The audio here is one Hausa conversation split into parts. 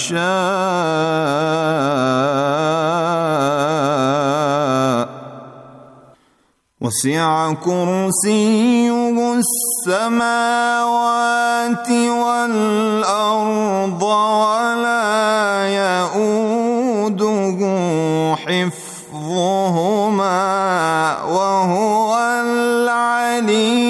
يشاء وسع كرسيه السماوات والارض ولا يؤوده حفظهما وهو العليم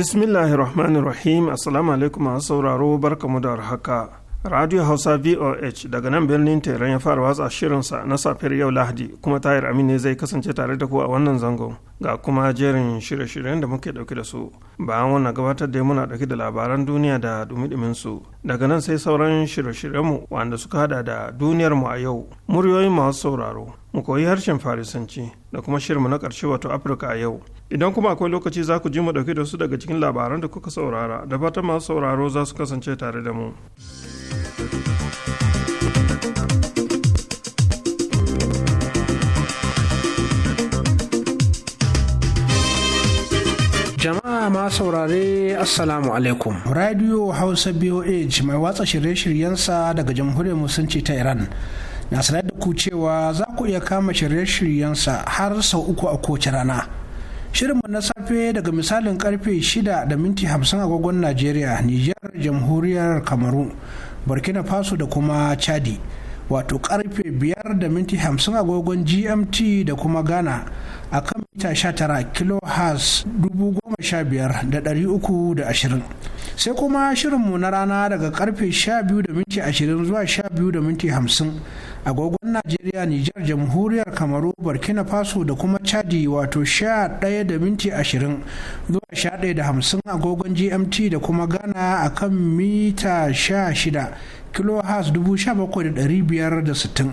bismillahirrahmanirrahim assalamu alaikum masu sauraro barkamu da haka radio hausa voh daga nan birnin teran ya fara watsa shirinsa na safiyar yau lahadi kuma tahir ne zai kasance tare da ku a wannan zangon ga kuma jerin shirye-shiryen da muke dauke da su bayan wannan gabatar da muna dauke da labaran duniya da dumi su daga nan sai sauran shirye mu wanda suka hada da duniyar mu a yau muryoyin masu sauraro mu koyi harshen farisanci da kuma shirinmu na karshe wato afirka a yau idan kuma akwai lokaci za ku ji mu dauke da su daga cikin labaran da kuka saurara da fatan masu sauraro za su kasance tare da mu. jama'a ma saurare assalamu alaikum radio hausa boh mai watsa shirye-shiryensa daga jamhuriyar musulunci ta iran na sanar da ku cewa za ku iya kama shirye-shiryensa har sau uku a kowace rana shirinmu na safe daga misalin karfe shida da minti 50 agogon najeriya nijar jamhuriyar kamaru burkina faso da kuma chadi wato karfe 5 da minti 50 agogon gmt da kuma ghana a kan mita 19 kilohertz 15320 sai kuma shirinmu na rana daga karfe 12 da minti 20 zuwa 12 da minti agogon najeriya nijar jamhuriyar kamaru burkina faso da kuma chadi wato ɗaya da minti ashirin zuwa ɗaya da hamsin agogon gmt da kuma ghana a kan mita sha 16 kilohas sittin.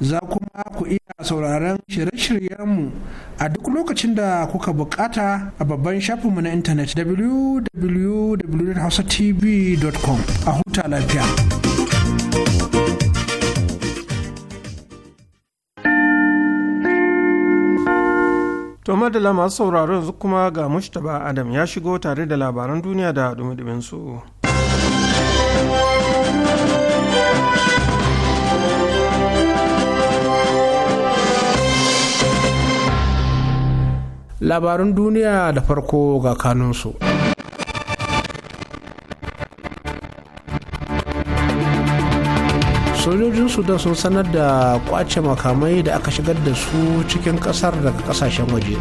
za kuma ku iya sauraron shirye-shiryenmu a duk lokacin da kuka bukata a babban shafinmu na intanet www.hausatv.com a huta lafiya. To madalla masu sauraron kuma ga Mushtaba Adam ya shigo tare da labaran duniya da dumi su. labarun duniya da farko ga kanunsu. sojojin sudan sun sanar da kwace makamai da aka shigar da su cikin kasar daga kasashen waje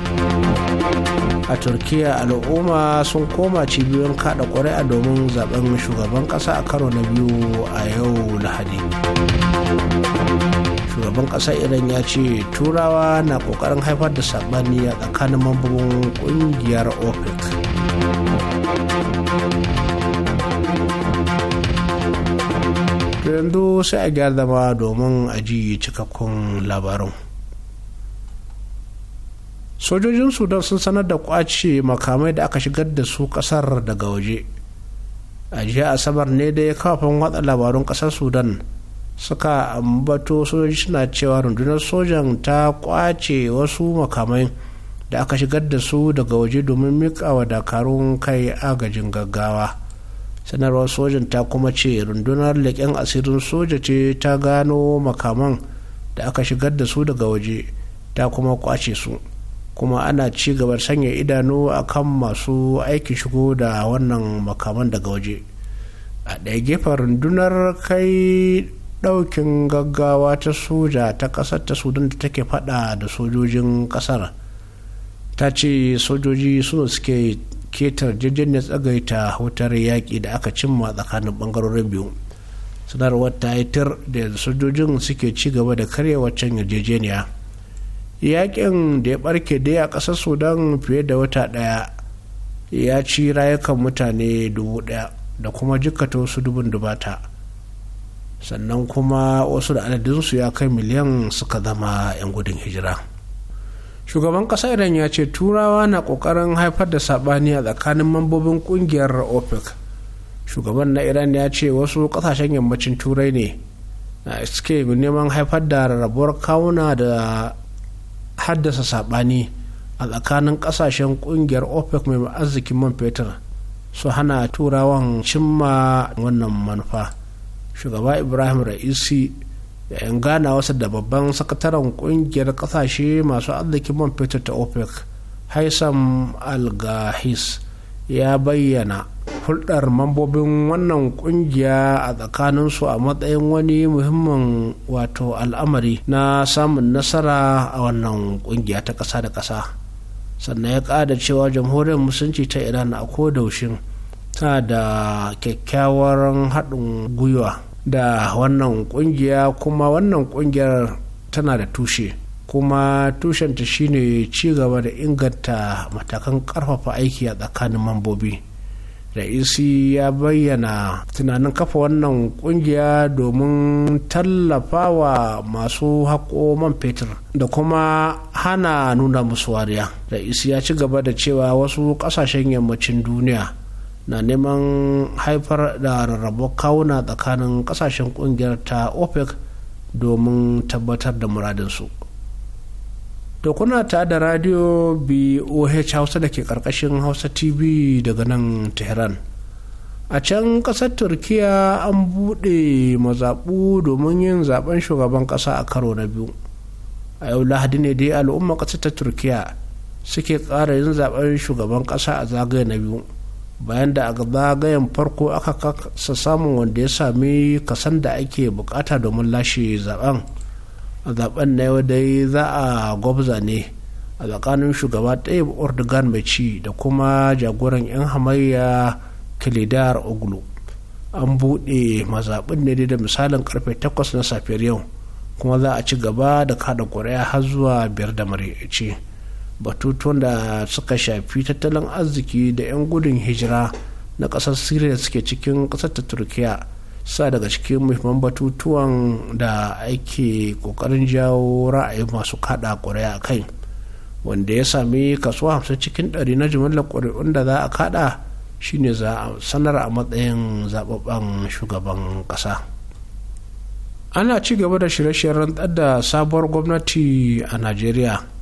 a turkiya al'umma sun koma cibiyoyin kada ƙuri'a domin zaben shugaban ƙasa a karo na biyu a yau lahadi shugaban kasar iran ya ce turawa na kokarin haifar da sabani a tsakanin mambobin ƙungiyar opec yanzu sai a gyara zama domin a ji cikakkun labarin sojojin sudan sun sanar da kwace makamai da aka shigar da su kasar daga waje a jiya asabar ne da ya kafin watsa labarun kasar sudan suka ambato sojoji suna cewa rundunar sojan ta kwace wasu makamai da aka shigar da su daga waje domin mika wa dakarun kai agajin gaggawa sanarwar sojan ta kuma ce rundunar leƙen asirin soja ce ta gano makaman da aka shigar da su daga waje ta kuma kwace su kuma ana ci gabar sanya idanu a kan masu aikin shigo da wannan makaman daga waje a ɗaya gefen rundunar kai ɗaukin gaggawa ta soja ta ƙasar ta sudan da take fada da sojojin ƙasar ta ce sojoji suna suke ketar jirgin ya tsagaita wutar yaƙi da aka cimma tsakanin ɓangarorin biyu sanarwar ta haitar da sojojin suke ci gaba da karya waccan yarjejeniya yaƙin da ya ɓarke dai a ƙasar sudan fiye da wata ɗaya ya ci rayukan mutane dubu ɗaya da kuma jikata wasu dubun dubata sannan kuma wasu da adadinsu ya kai miliyan suka zama 'yan gudun hijira shugaban ƙasa iran ya ce turawa na ƙoƙarin haifar da saɓani a tsakanin mambobin ƙungiyar opec shugaban na iran ya ce wasu ƙasashen yammacin turai ne na suke neman haifar da rarrabuwar kawuna da haddasa saɓani a tsakanin ƙasashen ƙungiyar opec mai arzikin man fetur su hana turawan cimma wannan manufa shugaba ibrahim ra'isi yayin gana wasa da babban sakataren kungiyar kasashe masu arzikin man fetur ta opec haisam algahis ya bayyana hulɗar mambobin wannan kungiya a tsakaninsu a matsayin wani muhimmin wato al'amari na samun nasara a wannan kungiya ta ƙasa da ƙasa sannan ya ƙada cewa jamhuriyar musulunci ta iran a kodaushin tana da kyakkyawar haɗin gwiwa da wannan kungiya kuma wannan kungiyar tana da tushe kuma tushenta shine ci gaba da inganta matakan karfafa aiki a tsakanin mambobi raisi e ya bayyana tunanin kafa wannan kungiya domin tallafa wa masu haƙo man fetur da kuma hana nuna musu wariya raisi e ya ci gaba da cewa wasu ƙasashen yammacin duniya na neman haifar da rarrabo kawuna tsakanin kasashen kungiyar ta opec domin tabbatar da muradinsu to kuna ta da radio boh hausa da ke karkashin hausa tv daga nan tehran a can kasar turkiya an buɗe mazaɓu domin yin zaben shugaban ƙasa a karo na biyu a yau lahadi ne dai al'umma ƙasar ta turkiya suke ƙara yin zaben shugaban ƙasa a zagaye na biyu bayan da a zagayen farko aka kasa samun wanda ya sami kasan da ake bukata domin lashe zaben a zaben na yau dai za a gwabza ne a tsakanin shugaba ɗaya ordugan mai ci da kuma jagoran 'yan hamayya kilidar oglu an buɗe mazaɓin ne da misalin karfe 8 na safiyar yau kuma za a ci gaba da kada ƙuri'a har zuwa biyar da maraice. batutuwan da suka shafi tattalin arziki da 'yan gudun hijira na ƙasar syria suke cikin ƙasar ta turkiya sa daga cikin muhimman batutuwan da ake ƙoƙarin jawo ra'ayi masu kaɗa ƙuri'a kai wanda ya sami kaso 50 cikin 100 na jimillar ƙuri'un da za a kaɗa shine za a sanar a matsayin zababben shugaban ƙasa ana ci gaba da shirye-shiryen da sabuwar gwamnati a najeriya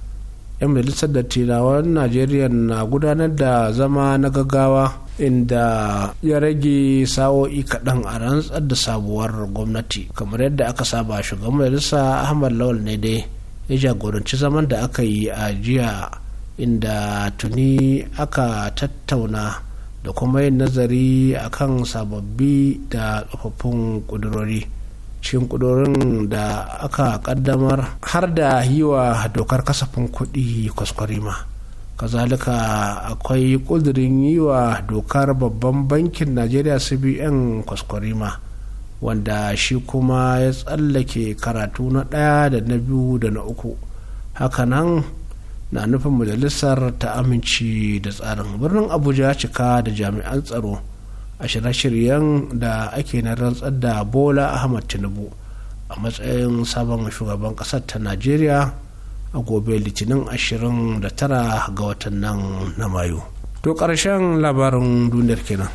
'yan majalisar dattijawan najeriya na gudanar da zama na gaggawa inda ya rage sa'o'i kaɗan a rantsar da sabuwar gwamnati kamar yadda aka saba shugaban majalisa ahmad lawal ne dai ya jagoranci zaman da aka yi a jiya inda tuni aka tattauna da kuma yin nazari akan sababbi da tsofaffin ƙudurori. cikin kudurin da aka kaddamar har da yi wa dokar kasafin kuɗi kwaskwarima kazalika akwai kudurin yi wa dokar babban bankin najeriya cbn kwaskwarima wanda shi kuma ya tsallake karatu na ɗaya da na biyu da na uku hakanan na nufin majalisar ta amince da tsarin birnin abuja cika da jami'an tsaro a shirye-shiryen da ake na rantsar da bola ahmad tinubu a matsayin sabon shugaban kasar ta najeriya a gobe litinin 29 ga watan nan na mayu to karshen labarin duniyar kenan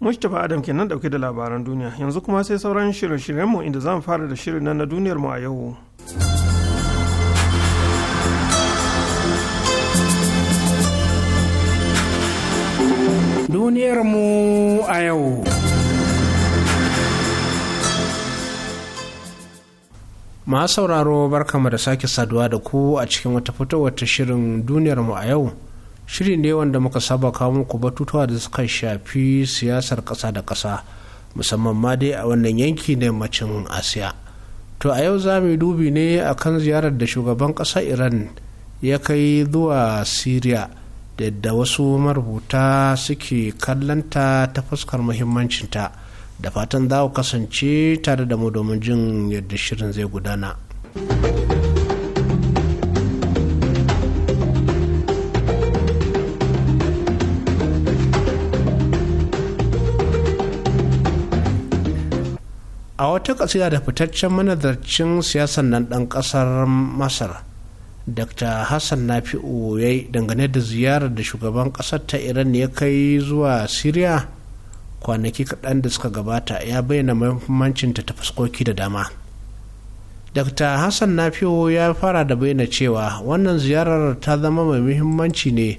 mustapha adam kenan dauke da labaran duniya yanzu kuma sai sauran shirye-shiryenmu inda zan fara da shirin nan na duniyarmu a yau duniyarmu a yau. Masu sauraro barkama da sake saduwa da ku a cikin wata fitowar ta shirin duniyarmu a yau. Shiri ne wanda muka saba kawo muku batutuwa da suka shafi siyasar ƙasa da ƙasa, musamman ma dai a wannan yanki na yammacin Asiya. To a yau za mu dubi ne akan ziyarar da shugaban ƙasar Iran ya kai zuwa Siriya. da yadda wasu marubuta suke kallanta ta fuskar muhimmancinta da fatan za ku kasance tare da mu domin jin yadda shirin zai gudana. a wata kasiya da fitaccen manazarcin siyasan nan ɗan ƙasar masar dr hassan nafi'u ya yi dangane da ziyarar da shugaban ƙasar ta iran ya kai zuwa syria kwanaki kaɗan da suka gabata ya bayyana muhimmancinta ta fuskoki da dama dr hassan nafi'u ya fara da bayyana cewa wannan ziyarar ta zama mai muhimmanci ne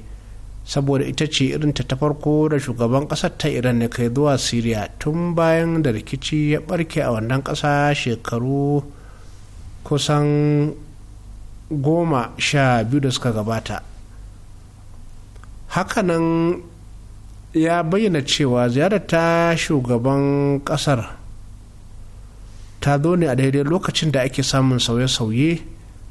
saboda ita ce irin ta farko da shugaban ƙasar ta iran ya kai zuwa syria tun bayan da rikici ya barke a wannan ƙasa shekaru kusan goma sha biyu da suka gabata hakanan ya bayyana cewa ziyarar ta shugaban kasar ta zo ne a daidai lokacin da ake samun sauye-sauye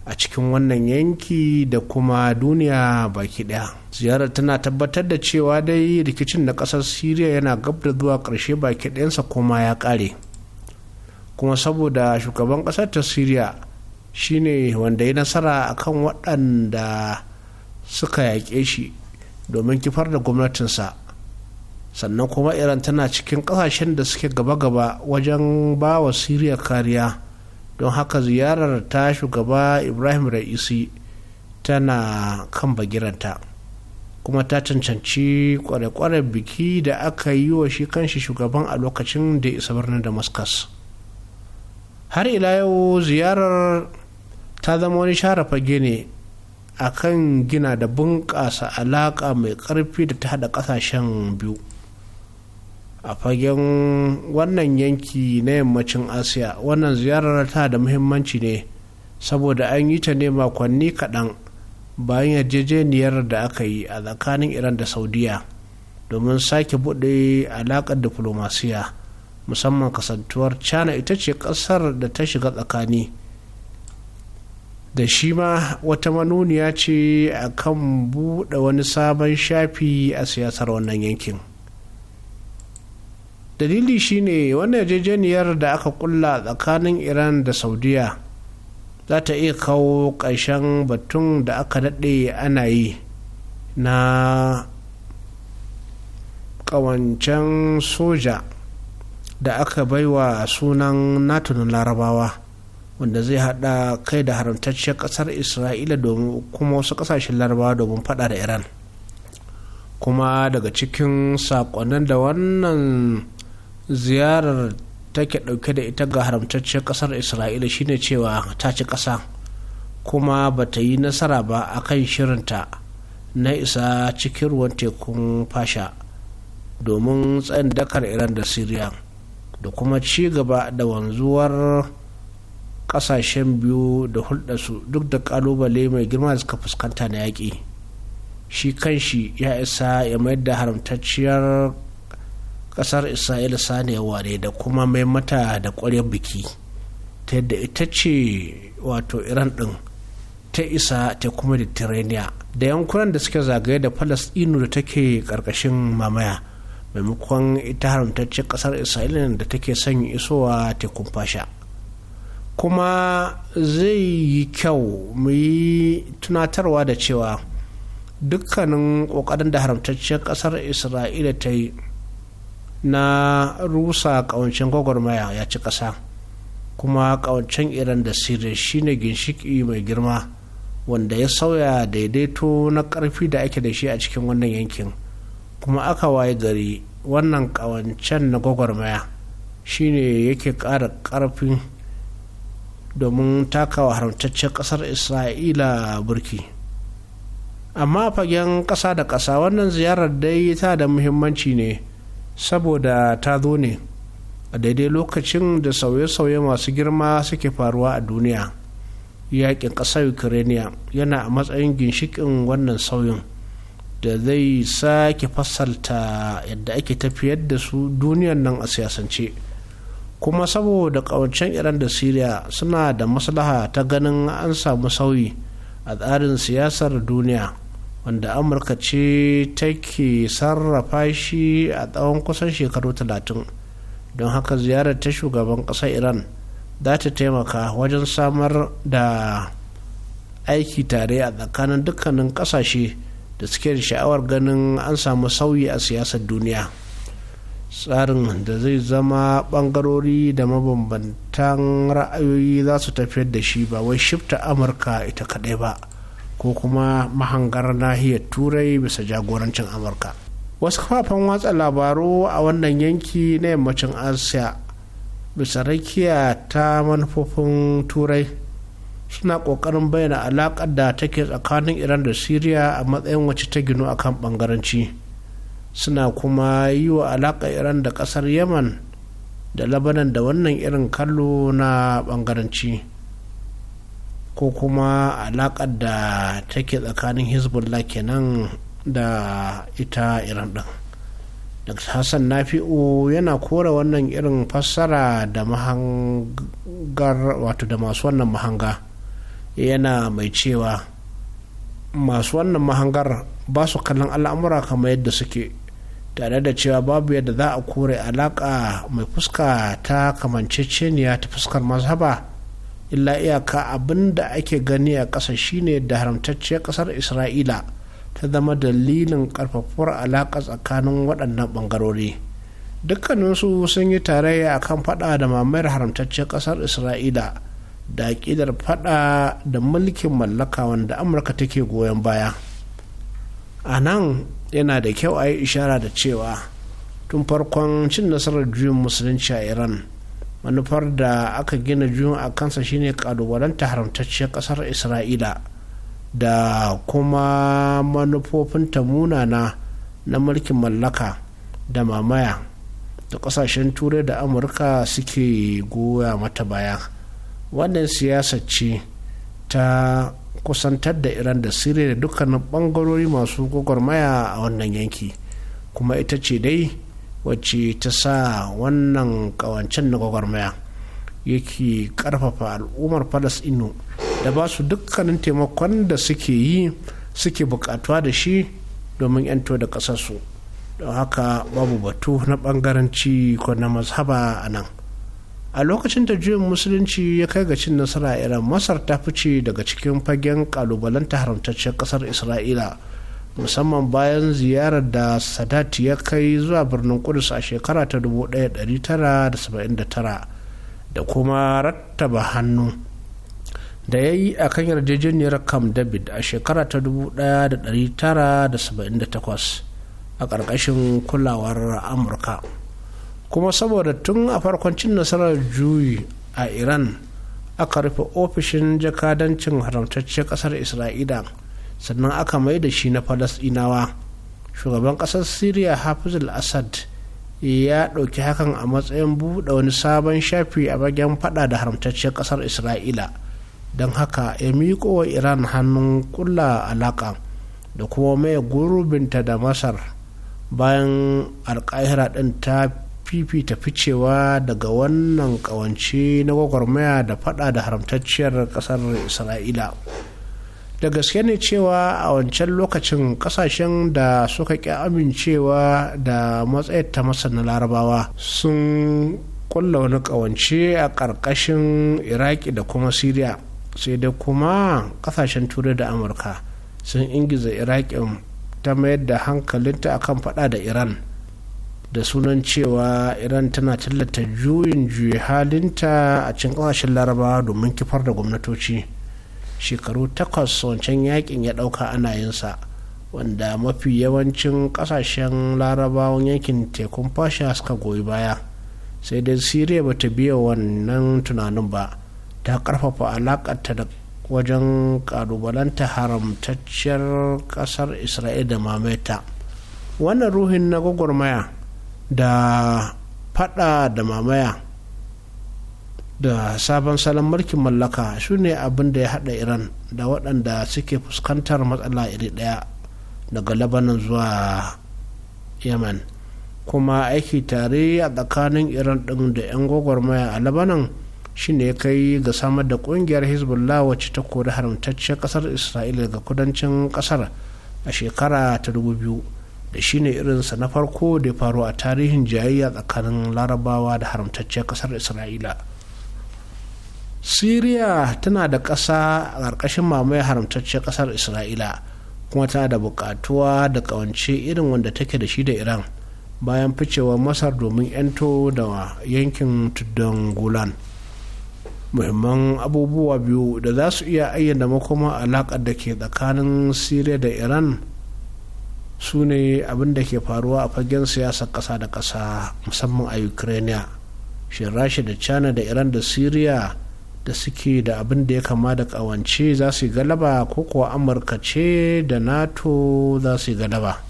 a cikin wannan yanki da kuma duniya baki daya ziyarar tana tabbatar da cewa dai rikicin da kasar syria yana gab da zuwa karshe baki ɗayansa koma ya ƙare kuma saboda shugaban kasar ta syria shine wanda ya nasara a kan waɗanda suka yaƙe shi domin kifar da gwamnatinsa sannan kuma iran tana cikin ƙasashen da suke gaba-gaba wajen ba wa siriya kariya don haka ziyarar ta shugaba ibrahim ra'isi tana kan bagiranta kuma ta cancanci kware-kware biki da aka yi wa shi kanshi shugaban a lokacin da isa birnin damascus har ila yau ziyarar ta zama wani share fage ne a kan gina da bunƙasa alaƙa mai ƙarfi da ta haɗa ƙasashen biyu a fagen wannan yanki na yammacin asiya wannan ziyarar ta da muhimmanci ne saboda an yi ta ne makonni kaɗan bayan yarjejeniyar da aka yi a tsakanin iran da saudiya domin sake buɗe alaƙar diflomasiyya musamman kasantuwar china ita ce kasar da ta shiga tsakani da shi ma wata manuniya ce a kan buɗe wani sabon shafi a siyasar wannan yankin dalili shine wannan yarjejeniyar da aka kulla tsakanin iran da saudiya za ta iya kawo ƙarshen batun da aka daɗe ana yi na ƙawancen soja da aka baiwa sunan nato larabawa wanda zai hada kai da haramtacciyar kasar isra'ila domin kuma wasu kasashen larabawa domin fada da iran kuma daga cikin sakonnin da wannan ziyarar take dauke da ita ga haramtacciyar kasar isra'ila shine cewa ta ci kasa kuma ba ta yi nasara ba akan shirinta na isa cikin ruwan tekun fasha domin tsayin dakar iran da syria da kuma ci gaba da wanzuwar kasashen biyu da su duk da kalubale mai girma da suka fuskanta na yaƙi shi kanshi ya isa ya mayar da haramtacciyar ƙasar isra'ila saniya ware da kuma mai mata da ƙwaryar biki ta yadda ita ce wato iran ɗin ta isa ta kuma da da yankunan da suke zagaye da falastinu da take ƙarƙashin mamaya maimakon ita haramtaccen kasar isra'ila da take son isowa tekun fasha kuma zai yi kyau mu yi tunatarwa da cewa dukkanin kokarin da haramtaccen kasar isra'ila ta yi na rusa ƙawancin gwagwarmaya ya ci kasa kuma ƙawancen iran da siriya shine ginshiki mai girma wanda ya sauya daidaito na ƙarfi da ake da shi a cikin wannan yankin. kuma aka waye gari wannan ƙawancen na gwagwarmaya shi ne yake ƙara ƙarfin domin takawa haramtaccen ƙasar isra'ila burki amma fagen ƙasa da ƙasa wannan ziyarar dai ta da muhimmanci ne saboda ta zo ne a daidai lokacin da sauye-sauye masu girma suke faruwa a duniya yakin ƙasar ukraine yana a matsayin ginshikin wannan sauyin da zai sake fasalta yadda ake tafiyar da su duniyar nan a siyasance kuma saboda ƙawancen iran da syria suna da maslaha ta ganin an samu sauyi a tsarin siyasar duniya wanda amurka ce take sarrafa shi a tsawon kusan shekaru talatin don haka ziyarar ta shugaban ƙasar iran za ta taimaka wajen samar da aiki tare a tsakanin dukkanin ƙasashe da suke da sha'awar ganin an samu sauyi a siyasar duniya tsarin da zai zama bangarori da mabambantan ra'ayoyi za su tafiyar da shi ba wai shifta amurka ita kadai ba ko kuma mahangar nahiyar turai bisa jagorancin amurka wasu kafafen watsa labaru a wannan yanki na yammacin asiya bisa rakiya ta manufofin turai suna ƙoƙarin bayyana alaƙar da take tsakanin iran da syria a matsayin wacce ta ginu kan ɓangaranci suna kuma yi wa alaƙar iran da ƙasar yaman da labanan da wannan irin kallo na ɓangaranci ko kuma alaƙar da take tsakanin hezbollah kenan da ita iran ɗin dr hassan nafi'u yana kore wannan irin fassara da mahangar da masu wannan mahanga yana mai cewa masu wannan mahangar ba su kallon al'amura kamar yadda suke tare da cewa babu yadda za a kore alaka mai fuska ta kamanceceniya ta fuskar mazhaba illa iyaka abin da ake gani a ƙasa shine da haramtacciyar ƙasar isra'ila ta zama dalilin ƙarfafuwar alaƙa tsakanin waɗannan ɓangarori. dukkaninsu sun yi tarayya a kan fada da mamayar haramtaccen ƙasar isra'ila da aƙidar fada da mulkin mallaka wanda amurka take goyon baya a nan yana da kyau a yi ishara da cewa tun farkon cin nasarar juyin musulunci a iran manufar da aka gina juyin a kansa shine kalubalanta haramtacciyar ƙasar isra'ila da kuma manufofinta munana na mulkin mallaka da mamaya da kasashen turai da amurka suke goya mata baya wannan siyasa ce ta kusantar da iran da siriya da dukkanin bangarori masu gwagwarmaya a wannan yanki kuma ita ce dai wacce ta sa wannan kawancen na gwagwarmaya yake karfafa al'ummar falasɗinu da ba su dukkanin taimakon da suke yi suke bukatuwa da shi domin 'yanto da kasarsu don haka babu batu na bangaranci ko na mazhaba a nan a lokacin da juyin musulunci ya kai ga cin nasara iran masar ta fice daga cikin fagen kalubalanta haramtaccen kasar isra'ila musamman bayan ziyarar da sadat ya kai zuwa birnin kudus a shekara ta 1979 da kuma rattaba hannu da ya yi a kan yarjejeniyar kam david a shekara ta 1978 a ƙarƙashin kulawar amurka kuma saboda tun a farkon cin nasarar juyi a iran aka rufe ofishin jakadancin haramtacce kasar isra'ila sannan aka mai da shi na falasɗinawa shugaban kasar syria hafiz al-assad ya ɗauki hakan a matsayin buɗe wani sabon shafi a bagen fada da haramtacciyar kasar isra'ila don haka ya miƙo wa iran hannun kulla alaƙa da kuma mai gurubinta da masar bayan alƙahira ɗin ta fifita ficewa daga wannan kawance na gwagwarmaya da fada da haramtacciyar kasar isra'ila da gaske ne cewa a wancan lokacin kasashen da suka ƙi amincewa da matsayar ta masa na larabawa sun kulla wani kawance a ƙarƙashin iraki da kuma syria sai dai kuma kasashen turai da amurka sun ingiza iraki ta mayar da hankalinta akan fada da iran da sunan cewa iran tana tallata juyin juyi halinta a cikin kasashen laraba domin kifar da gwamnatoci shekaru takwas wancan yakin ya dauka ana yinsa wanda mafi yawancin kasashen larabawan yankin tekun fasha suka goyi baya sai dai siriya ba ta biya wannan tunanin ba ta karfafa alakata da wajen kalubalanta haramtacciyar kasar isra'ila da mamaita wannan ruhin na gwagwarmaya da fada da mamaya da sabon salon mulkin mallaka su ne abin da ya hada iran da waɗanda suke fuskantar matsala iri ɗaya daga labanan zuwa yemen kuma aiki tare a tsakanin iran ɗin da 'yan gwagwarmaya a labanan shi ne kai ga samar da ƙungiyar hezbollah wacce ta kori haramtacce ƙasar isra'ila ga kudancin ƙasar a shekara ta 2000 da shine irinsa na farko da ya faru a tarihin jayayya tsakanin larabawa da haramtacciyar kasar isra'ila siriya tana da ƙasa a ƙarƙashin mamaye haramtacciyar ƙasar isra'ila kuma tana da buƙatuwa da ƙawance irin wanda take da shi da iran bayan ficewar masar domin 'yanto da yankin tuddan golan muhimman abubuwa biyu da za su iya ayyana makoma alaƙar da ke tsakanin siriya da iran su ne abin da ke faruwa a fagen siyasar kasa da kasa musamman a ukraine shin rasha da china da iran da syria da suke da abin da ya kama da kawance za su yi galaba ko kuwa amurka ce da nato za su yi galaba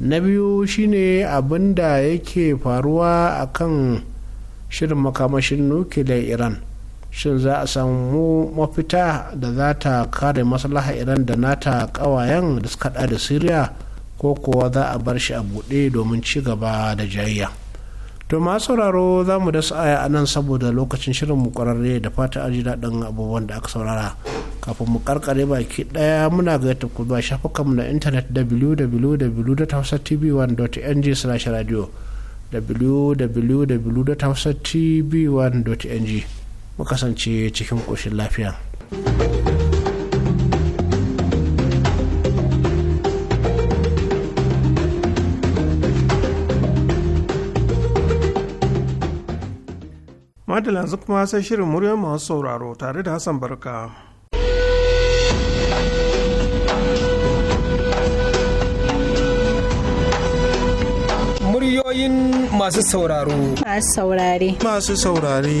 na biyu shine abin da yake faruwa a kan shirin makamashin nukiliyar iran shin za a samu mafita da za ta kare maslaha iran da nata kawayen da suka da syria ko kuwa za a bar shi a buɗe domin ci gaba da jayayya to masu sauraro za mu dasa aya a nan saboda lokacin shirin mu kwararre da fata aji daɗin abubuwan da aka saurara kafin mu karkare baki ɗaya muna ga yadda ku shafukan shafukanmu na intanet www.hausatv1.ng slash radio www.hausatv1.ng mu kasance cikin ƙoshin lafiya. thank you madalla yanzu kuma sai shirin muryar masu sauraro tare da hassan barka muryoyin masu sauraro masu saurare masu saurare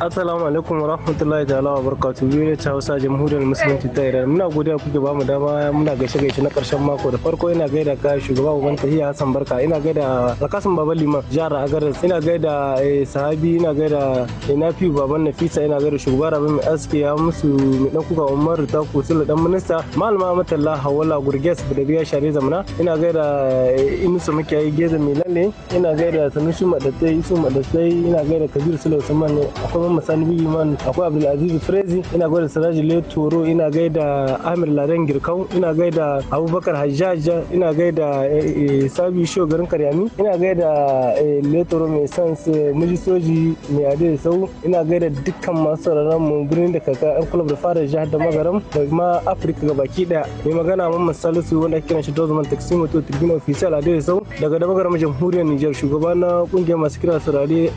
Assalamu alaikum wa rahmatullahi ta'ala wa barkatu biyu ne Hausa Jamhuriyar Musulunci ta Iran. Muna godiya kuke ba mu dama muna gaishe gaishe na karshen mako da farko ina gaida ka shugaba uban tahiya Hassan Barka ina gaida Alkasim Baban Liman jihar Agadas ina gaida eh, Sahabi ina gaida eh, Nafi Baban Nafisa ina gaida shugaba Rabi mai aski ya musu mai dan kuka Umaru Taku Sulu dan minista Malama Matalla Hawala Gurges Brigadier Share Zamana ina gaida eh, Inusu Mukiyayi Geza Milale ina gaida Sanusi Madatai Isu Madatai ina gaida Kabir Sulu Usman akwai Mamman Sani man akwai Abdulaziz Frezi ina gaida Siraji Le Toro ina gaida Amir Ladan Girkau ina gaida Abubakar Hajjaj ina gaida eh, eh, Sabi Sho garin Karyami ina gaida eh, Le Toro mai sans miji soji mai ade sau ina gaida dukkan masu sauraron mu birnin da kaka yan club da fara jihar da magaram da ma Afirka gabaki daya mai magana Mamman Salisu wanda ake kiran shi Dozman Taksimo to Tribune Official ade sau daga da magaram jamhuriyar Nijar shugaba na kungiyar masu kira saurare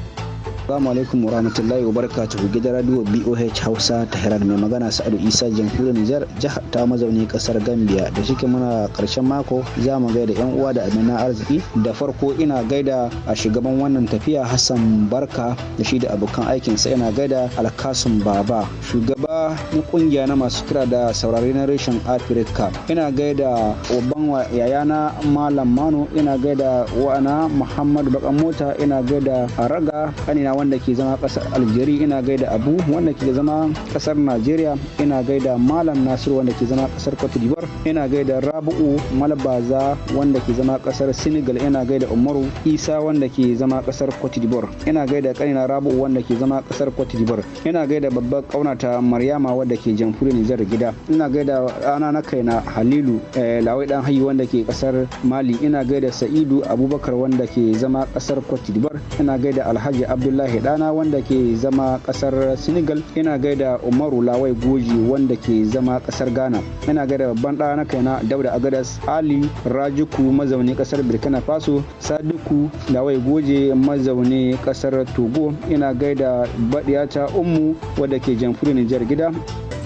Assalamu alaikum wa rahmatullahi wa barakatuh gidan radio BOH Hausa ta Tehran mai magana Sa'adu Isa jamhuriyar Nijar jihar ta mazauni kasar Gambia da shike muna karshen mako za mu gaida yan uwa da amina arziki da farko ina gaida a shugaban wannan tafiya Hassan Barka da shi da abokan aikin sa ina gaida Alkasum Baba shugaba na kungiya na masu kira da saurare na reshen Afirka ina gaida uban yayana Malam Mano ina gaida Wana Muhammad Bakan Mota ina gaida Araga kanina wanda ke zama kasar Aljeri ina gaida Abu wanda ke zama kasar Najeriya ina gaida Malam Nasir wanda ke zama kasar Cote d'Ivoire ina gaida Rabu'u Malbaza wanda ke zama kasar Senegal ina gaida Umaru Isa wanda ke zama kasar Cote d'Ivoire ina gaida Kanina Rabu'u wanda ke zama kasar Cote d'Ivoire ina gaida babbar kaunata Maryama wanda ke jamhuriyar Nijar gida ina gaida ana na kaina Halilu eh, Lawai dan Hayi wanda ke kasar Mali ina gaida Sa'idu Abubakar wanda ke zama kasar Cote d'Ivoire ina gaida Alhaji Abdullahi abdullahi wanda ke zama kasar senegal ina gaida umaru lawai goji wanda ke zama kasar ghana ina gaida babban ɗana kaina dauda agadas ali rajuku mazauni kasar burkina faso sadiku lawai goje mazauni kasar togo ina gaida baɗiyata ummu wadda ke jamhuriyar nijar gida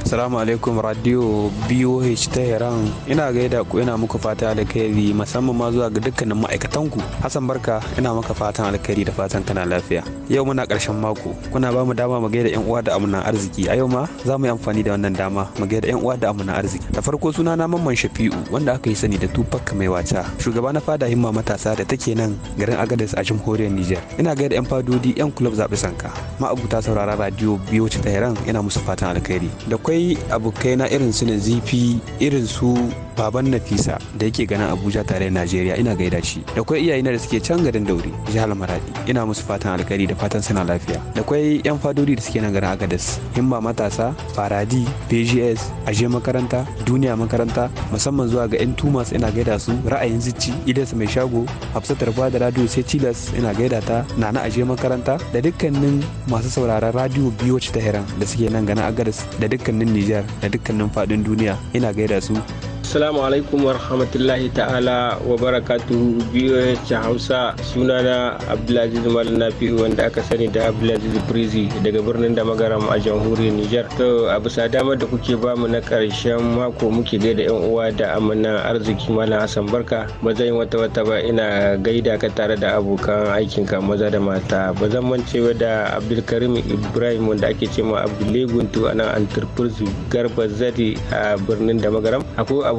Assalamu alaikum radio BOH Tehran. Ina gaida ku ina muku fata alkhairi musamman ma zuwa ga dukkanin ma'aikatan ku. Hassan Barka ina maka fatan alkhairi da fatan kana lafiya. Yau muna karshen mako. Kuna ba mu dama mu gaida yan uwa da amana arziki. A yau ma za mu yi amfani da wannan dama mu gaida yan uwa da amana arziki. Da farko suna na Mamman Shafi'u wanda aka yi sani da Tupac mai wata. Shugaba na fada himma matasa da take nan garin Agadez a jamhuriyar Niger. Ina gaida yan fadodi yan club zabi sanka. Ma'abuta saurara radio BOH Tehran ina musu fatan alkhairi. Da kwai akwai na irin su nazifi irin su baban nafisa da yake ganin abuja tare da najeriya ina gaida shi da kwai iyayena da suke can garin dauri jihar maradi ina musu fatan alkari da fatan suna lafiya da kwai yan fadodi da suke nan garin agadas himma matasa faradi bgs aje makaranta duniya makaranta musamman zuwa ga yan tumas ina gaida su ra'ayin zici idas mai shago hafsat da radio sai cilas ina gaida ta nana aje makaranta da dukkanin masu sauraron radio biyu ta heran da suke nan garin agadas da dukkanin Nijar da dukkanin faɗin duniya ina gaida su Assalamu alaikum wa rahmatullahi ta'ala wa barakatuhu biyo Hausa sunana Abdulaziz Malnafi wanda aka sani da Abdulaziz Brizi daga birnin da magaram a jamhuriyar Nijar. To a bisa damar da kuke bamu na karshen mako muke gaida yan uwa da amana arziki Malam Hassan Barka ba zan wata wata ba ina gaida ka tare da abokan aikin ka maza da mata ba zan mance da Abdulkarim Ibrahim wanda ake cewa Abdulleguntu a nan Antirpurzu Garba zadi a birnin da magaram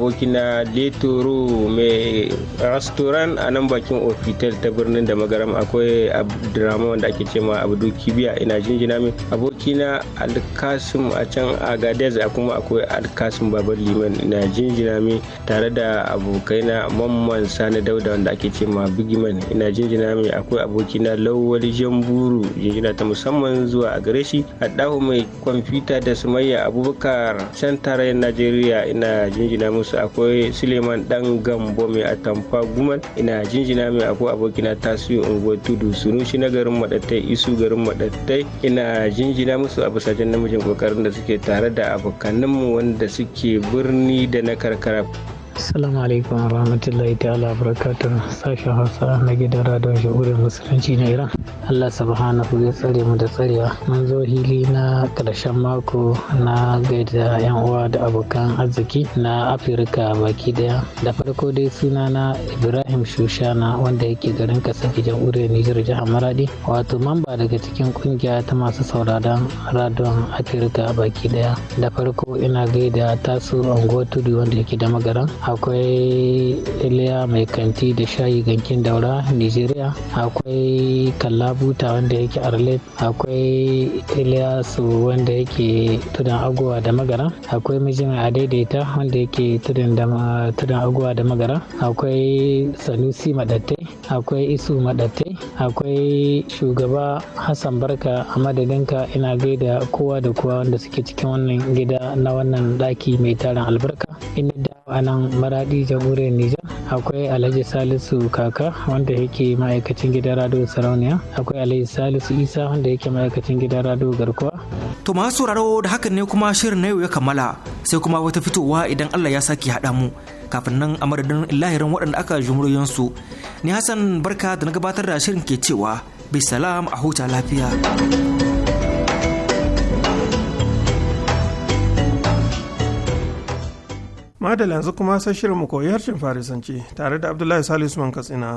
abokina letoro mai restaurant a nan bakin ofitel ta birnin da magaram akwai abdurrahman wanda ake ce abdu kibiya ina jinjina min abokina alkasim a can agadez a kuma akwai alkasim babar liman ina jinjina min tare da abokaina mamman sani dauda wanda ake ce bigman bigiman ina jinjina min akwai abokina lawal jamburu jinjina ta musamman zuwa a gare shi dahu mai kwamfuta da sumayya abubakar can tarayyar najeriya ina jinjina musu su akwai suleiman dan gambo mai atamfa gumal ina jinjina mai abu abokina tasiri unguwar tudu sunushi na garin madattai isu garin madattai ina jinjina musu a bisajen namijin kokarin da suke tare da abokananmu wanda suke birni da na karkara Assalamu alaikum wa rahmatullahi ta'ala barakatu sashen Hausa na gidan radon shahurin musulunci na Iran. Allah subhanahu ya tsare mu da tsariya. Mun zo hili na karshen mako na gaida yan uwa da abokan arziki na Afirka baki daya. Da farko dai suna na Ibrahim Shushana wanda yake garin Kasafi jamhuriyar Nijar jihar Maradi. Wato mamba daga cikin kungiya ta masu sauraron radon Afirka baki daya. Da farko ina gaida tasu Anguwa Tudu wanda yake da magaran. akwai iliya mai kanti da shayi gankin daura nigeria akwai kallabuta wanda yake arlet akwai su wanda yake tudun agowa da magara akwai mijin adaidaita wanda yake tudun agowa da magara akwai sanusi madattai akwai isu maɗatai, akwai shugaba hassan barka a madadinka ina gaida kowa da kowa wanda suke cikin wannan gida na wannan daki mai tarin albarka ina da anan maradi jamhuriyar Nijar akwai Alhaji Salisu Kaka wanda yake ma'aikacin gidan Rado Sarauniya akwai Alhaji Salisu Isa wanda yake ma'aikacin gidan Rado Garkuwa. To masu sauraro da hakan ne kuma shirin na yau ya kammala sai kuma wata fitowa idan Allah ya sake haɗa mu kafin nan a madadin lahirin waɗanda aka jumuriyansu ni Hassan barka da na gabatar da shirin ke cewa bisalam a huta lafiya. madal yanzu kuma sai shirin mu koyi harshen farisanci tare da abdullahi salisu man katsina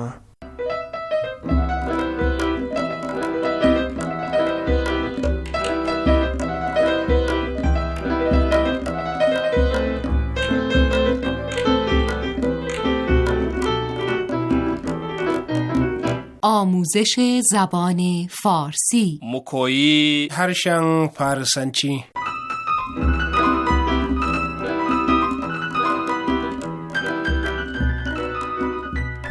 آموزش زبان فارسی مکویی هرشن فارسنچی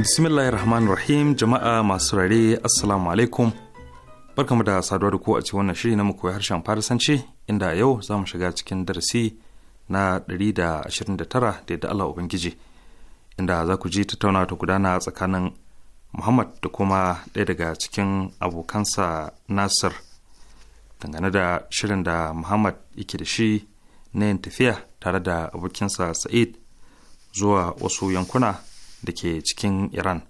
Bismillahirrahmanirrahim jama'a masu rare assalamu alaikum barkamu da saduwa da ku a cikin wannan shiri na mu harshen farisanci inda yau za mu shiga cikin darasi na 129 da yadda Allah Ubangiji inda za ku ji tattauna ta gudana tsakanin Muhammad da kuma ɗaya daga cikin abokansa Nasir dangane da shirin da Muhammad yake da shi na yin tafiya tare da abokinsa Sa'id zuwa wasu yankuna da ke cikin iran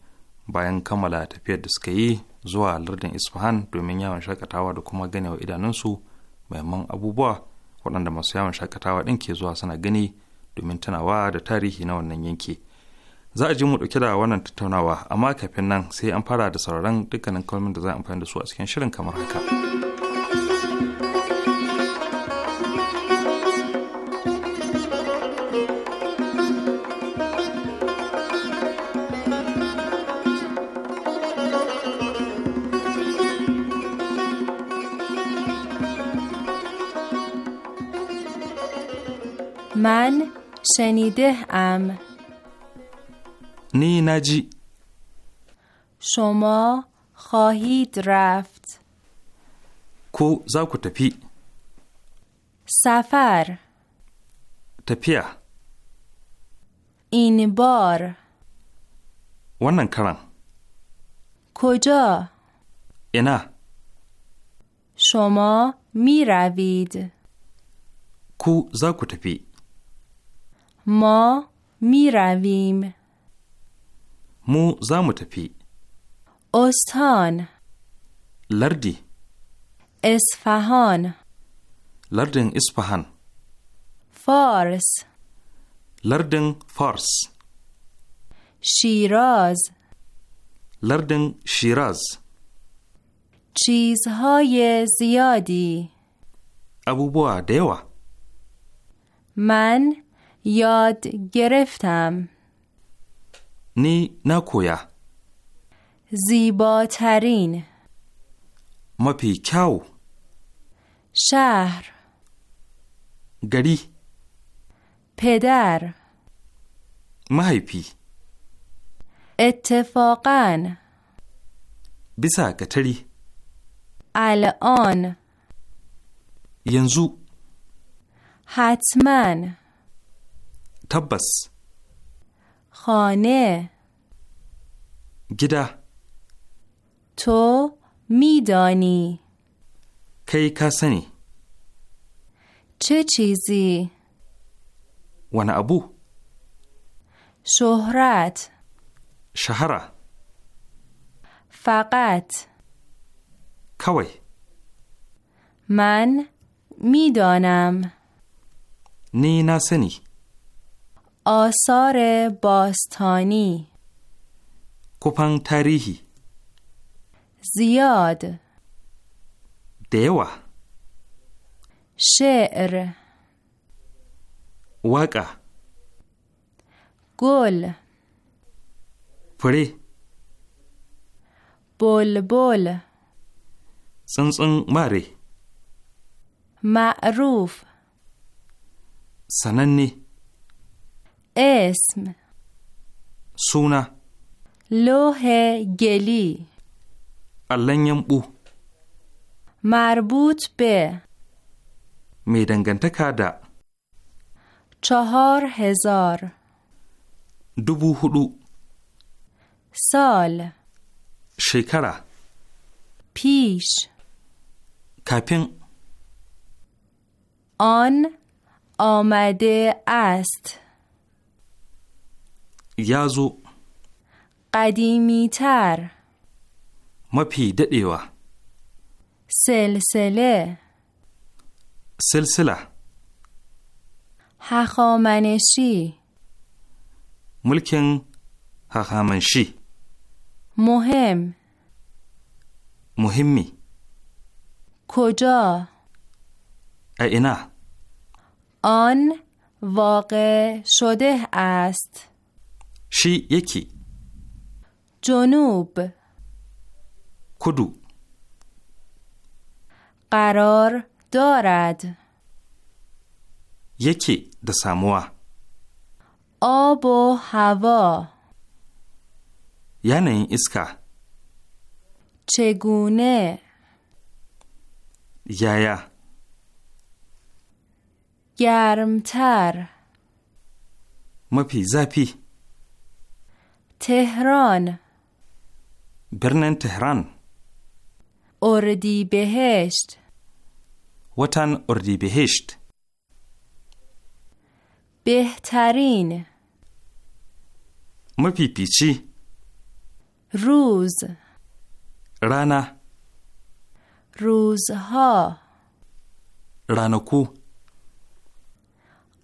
bayan kammala tafiyar da suka yi zuwa lardin isfahan domin yawon shakatawa da kuma ganewa idanunsu maimakon abubuwa waɗanda masu yawon shakatawa ɗin ke zuwa suna gani domin tunawa da tarihi na wannan yanki za a ji mu ɗauke da wannan tattaunawa amma kafin nan sai an fara da sauraron dukkanin kalmomin da za a amfani da su a cikin shirin kamar haka. شنیده ام نی نجی شما خواهید رفت کو زاکو تپی سفر تپیا. این بار ونن کرن کجا اینا شما می روید کو زاکو تپی ما می رویم مو زامو استان لردی اسفهان. لردن اسفهان. فارس لردن فارس شیراز لردن شیراز چیزهای زیادی ابو دیوه. من یاد گرفتم نی نکویا زیباترین مپی کاو شهر گری پدر مهیپی اتفاقا بسا کتری الان ینزو حتماً تبس خانه گده تو میدانی کی کسنی چه چیزی ون ابو شهرت شهره فقط کوی من میدانم نی نسنی آثار باستانی کپنگ تاریخی زیاد دیوه شعر واقع گل فری بلبل سنسن ماری معروف سننی اسم سونا لوه گلی اللنیم او مربوط به میدنگن تکادا چهار هزار دوبو هدو سال شکره پیش کپین آن آمده است یازو قدیمی تر مپی ددیوا سلسله سلسله حخامنشی ملکن حخامنشی مهم مهمی کجا اینا آن واقع شده است شی یکی جنوب کدو قرار دارد یکی دساموه آب و هوا یعنی اسکا چگونه یایا گرمتر مپی زپی تهران برنن تهران اردی بهشت وطن اردی بهشت بهترین مپی پیچی روز رانا روزها رانوکو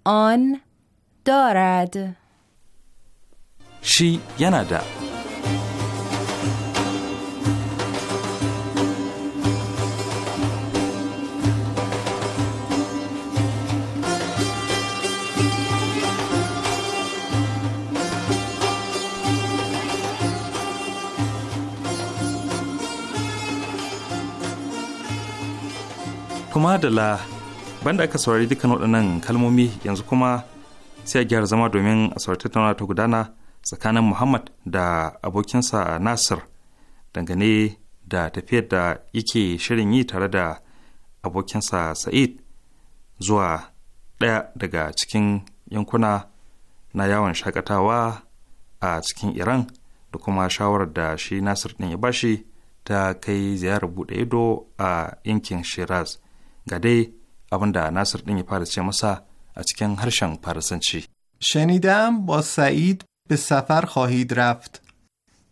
آن دارد shi yana da kuma da la banda aka saurari dukkan waɗannan kalmomi yanzu kuma sai a gyara zama domin a saurari tattauna ta gudana tsakanin muhammad da abokinsa nasir dangane da tafiyar da yake shirin yi tare da abokinsa sa'id zuwa ɗaya daga cikin yankuna na yawon shakatawa a cikin iran da kuma shawarar da shi nasir ɗin ya bashi ta kai ziyarar buɗe ido a yankin shiraz ga dai abin da nasir ɗin ya fara ce masa a cikin harshen farisanci شنیدم با Sa'id به سفر خواهید رفت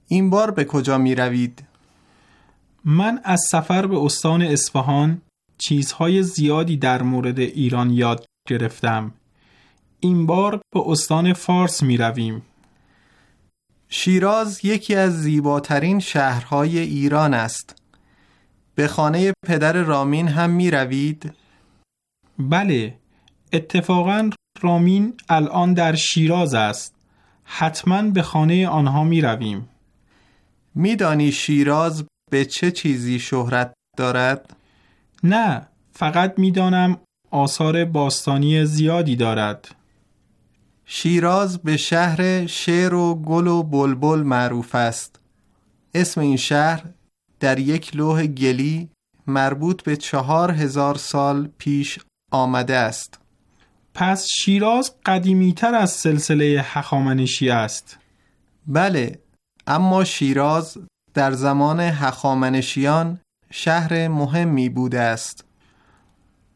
این بار به کجا می روید؟ من از سفر به استان اصفهان چیزهای زیادی در مورد ایران یاد گرفتم این بار به استان فارس می رویم شیراز یکی از زیباترین شهرهای ایران است به خانه پدر رامین هم می روید؟ بله اتفاقا رامین الان در شیراز است حتما به خانه آنها می رویم. میدانی شیراز به چه چیزی شهرت دارد؟ نه، فقط میدانم آثار باستانی زیادی دارد. شیراز به شهر شعر و گل و بلبل معروف است. اسم این شهر در یک لوح گلی مربوط به چهار هزار سال پیش آمده است. پس شیراز تر از سلسله هخامنشی است بله اما شیراز در زمان هخامنشیان شهر مهمی بوده است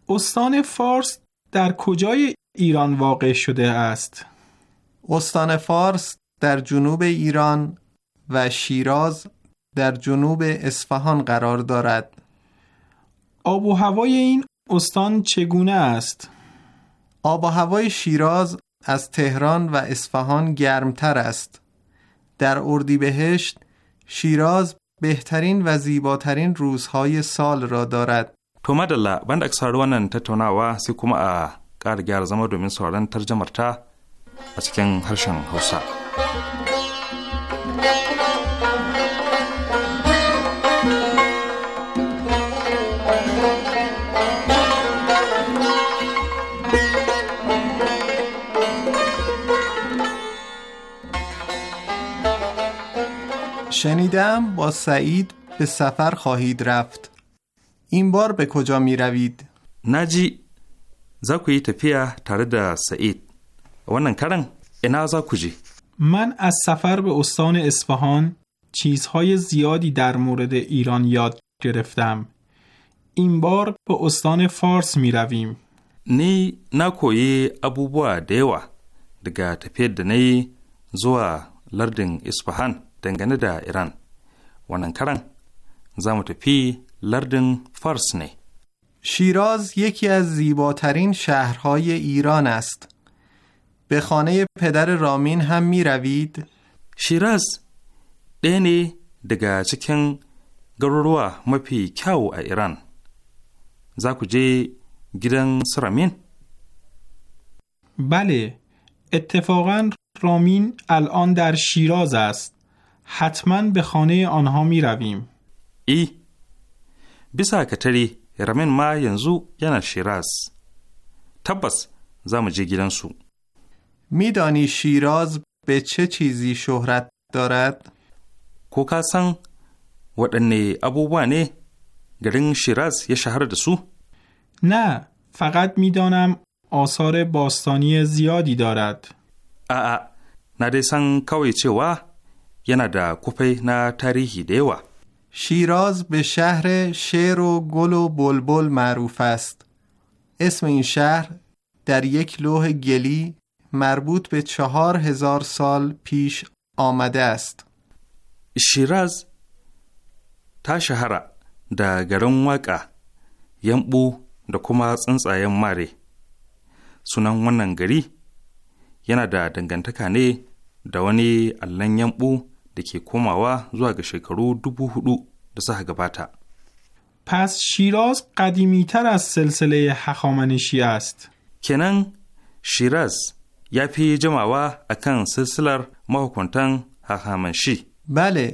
استان فارس در کجای ایران واقع شده است استان فارس در جنوب ایران و شیراز در جنوب اصفهان قرار دارد آب و هوای این استان چگونه است آب و هوای شیراز از تهران و اصفهان گرمتر است. در اردیبهشت شیراز بهترین و زیباترین روزهای سال را دارد. تو مدلا بند اکسار و ننت تونا و سیکوم آ کارگر زمان دومین سالن ترجمه مرتا، از هرشن حسا. Thank شنیدم با سعید به سفر خواهید رفت این بار به کجا می روید؟ نجی زاکوی تپیا تارد سعید ونن کرن اینا زاکوجی من از سفر به استان اصفهان چیزهای زیادی در مورد ایران یاد گرفتم این بار به استان فارس می رویم نی نکویی ابوبا دیوه دگه تپید نی زوا لردن اصفهان dangane da Iran. Wannan karan za mu tafi lardin شیراز یکی از زیباترین شهرهای ایران است. به خانه پدر رامین هم می روید؟ شیراز دینی دگه چکن گروروا مپی ا ایران. زاکو جی گیدن سرامین؟ بله، اتفاقا رامین الان در شیراز است. حتما به خانه آنها می رویم. ای بیسا کتری رمین ما ینزو یعنی شیراز تبس زم جگیرن سو میدانی شیراز به چه چیزی شهرت دارد؟ کوکاسن ودنی ابو ne شیراز شیراز یه شهر نه فقط میدانم آثار باستانی زیادی دارد. آآ na کوی چه؟ یه در کوپی نه تاریخی دیوا شیراز به شهر شیر و گل و بلبل معروف است اسم این شهر در یک لوح گلی مربوط به چهار هزار سال پیش آمده است شیراز تا شهر دا گرن واقع یمبو da kuma tsuntsayen mare sunan wannan gari yana da dangantaka ne da ke komawa zuwa ga shekaru dubu hudu da suka gabata. Pas Shiraz ƙadimi tara silsile Kenan shiras ya fi jimawa a kan silsilar mahukuntan Hakamanishi. Bale,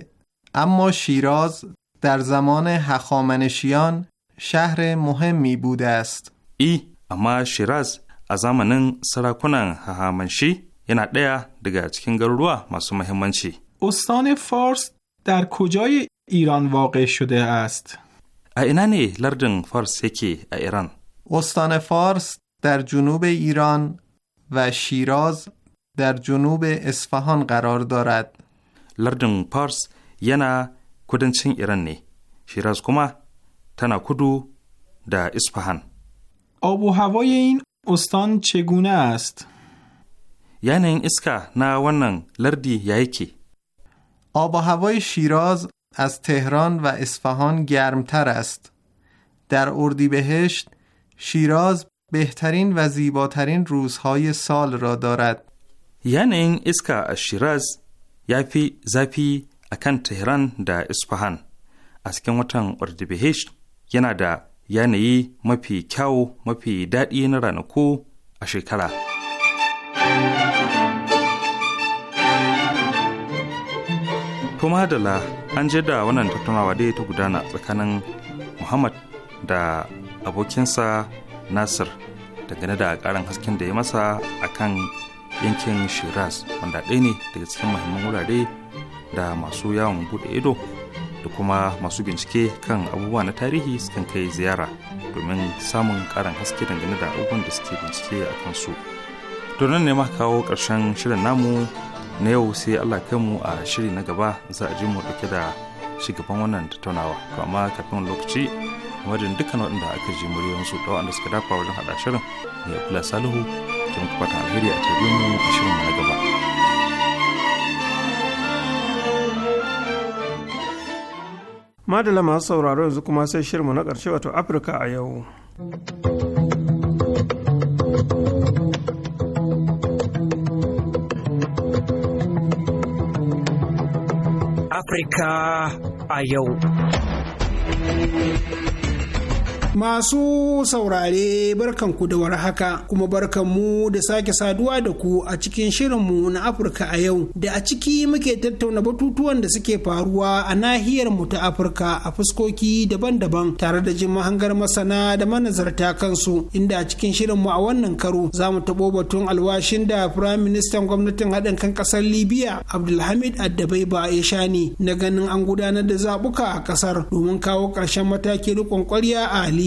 amma Shiraz در زمان هخامنشیان شهر مهمی بوده است. ای اما شیراز از زمان سرکنن هخامنشی یه نقیه دیگه چکنگ روه مسو استان فارس در کجای ایران واقع شده است؟ اینانی لردن فارس یکی ایران استان فارس در جنوب ایران و شیراز در جنوب اصفهان قرار دارد لردن فارس ینا کدنچین ایران نی شیراز کما تنا کدو دا اصفهان آب و هوای این استان چگونه است؟ یعنی این اسکا نا ونن لردی یایکی آب و هوای شیراز از تهران و اصفهان گرمتر است. در اردیبهشت شیراز بهترین و زیباترین روزهای سال را دارد. یعنی این اسکا از شیراز یافی زفی اکن تهران دا اصفهان از که وطن بهشت یعنی دا یعنی مپی کیاو مپی دادی نرانکو اشکالا. kuma hadala an je da wannan tattaunawa daya ta gudana tsakanin muhammad da abokinsa nasir dangane da karin hasken da ya masa a kan yankin shiraz wanda ɗaya ne daga cikin muhimman wurare da masu yawon bude ido da kuma masu bincike kan abubuwa na tarihi sukan kai ziyara domin samun karin haske dangane da abubuwan da suke bincike a kansu to nan ne ma kawo karshen shirin namu na yau sai allah kai mu a shiri na gaba za a ji mu dauke da shugaban wannan tattaunawa to amma kafin lokaci wajen dukkan waɗanda aka ji su da waɗanda suka dafa wajen haɗa shirin ne abdullahi salihu ke muku fatan alheri a tabi mu a shirin na gaba. madala masu sauraro yanzu kuma sai shirinmu na ƙarshe wato afirka a yau Africa. Iyo. Masu saurare barkanku da haka kuma barkanmu da sake saduwa da ku a cikin shirin mu na Afirka a yau da a ciki muke tattauna batutuwan da suke faruwa a nahiyar mu ta Afirka a fuskoki daban-daban tare da jin mahangar masana da manazarta kansu inda a cikin shirin mu a wannan karo za mu taɓo batun alwashin da Firayim Ministan gwamnatin haɗin kan ƙasar Libya Abdulhamid Addabai ba ya shani na ganin an gudanar da zaɓuka a ƙasar domin kawo ƙarshen matakin riƙon ƙwarya a Libya.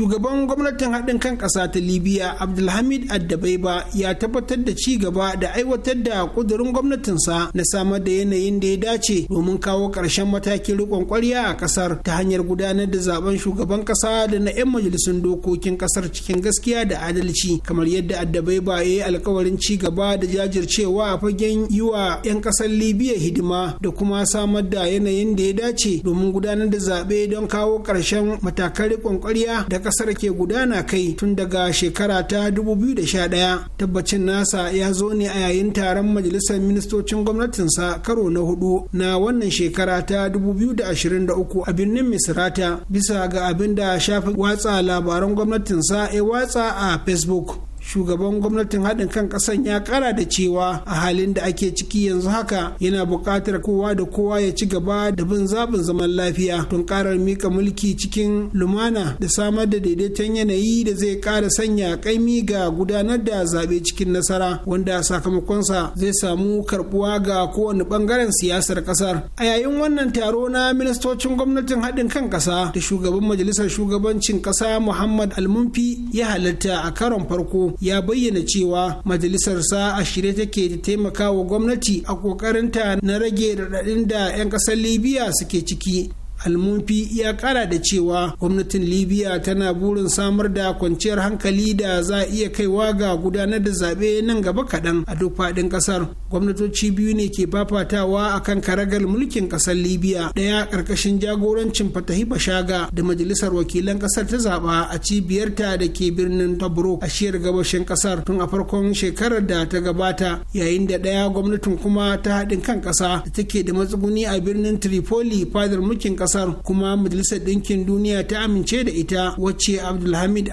shugaban gwamnatin haɗin kan ƙasa ta libiya abdulhamid addabaiba ya tabbatar da ci gaba da aiwatar da ƙudurin gwamnatinsa na samar da yanayin da ya dace domin kawo ƙarshen matakin riƙon ƙwarya a ƙasar ta hanyar gudanar da zaben shugaban ƙasa da na 'yan majalisun dokokin ƙasar cikin gaskiya da adalci kamar yadda addabaiba ya yi alkawarin ci gaba da jajircewa a fagen yi wa 'yan ƙasar libiya hidima da kuma samar da yanayin da ya dace domin gudanar da zaɓe don kawo ƙarshen matakan riƙon ƙwarya da kasar ke gudana kai tun daga shekara ta 2011 tabbacin nasa ya zo ne a yayin taron majalisar ministocin gwamnatinsa karo na hudu na wannan shekara ta 2023 a birnin misrata bisa ga abin da shafi watsa labaran gwamnatinsa ya watsa a facebook shugaban gwamnatin haɗin kan ƙasan ya ƙara da cewa a halin da ake ciki yanzu haka yana buƙatar kowa da kowa ya ci gaba da bin zaɓin zaman lafiya don ƙarar mika mulki cikin lumana da samar da daidaiton yanayi da zai ƙara sanya kaimi ga gudanar da zaɓe cikin nasara wanda sakamakonsa zai samu karɓuwa ga kowane ɓangaren siyasar ƙasar a yayin wannan taro na ministocin gwamnatin haɗin kan ƙasa da shugaban majalisar shugabancin ƙasa muhammad almunfi ya halatta a karon farko ya bayyana cewa majalisarsa a shirye take da taimaka wa gwamnati a ƙoƙarinta na rage raɗaɗin da 'yan ƙasar libya suke ciki almunfi ya kara da cewa gwamnatin libya tana burin samar da kwanciyar hankali da za a iya kaiwa ga gudanar da zaɓe nan gaba kaɗan a duk faɗin ƙasar gwamnatoci biyu ne ke fafatawa akan karagar mulkin ƙasar libya ɗaya ƙarƙashin jagorancin fatahi bashaga da majalisar wakilan ƙasar ta zaɓa a cibiyarta da ke birnin tobruk a shiyar gabashin ƙasar tun a farkon shekarar da ta gabata yayin da ɗaya gwamnatin kuma ta haɗin kan ƙasa da take da matsuguni a birnin tripoli fadar mulkin ƙasar kasar kuma majalisar ɗinkin duniya ta amince da ita wacce abdulhamid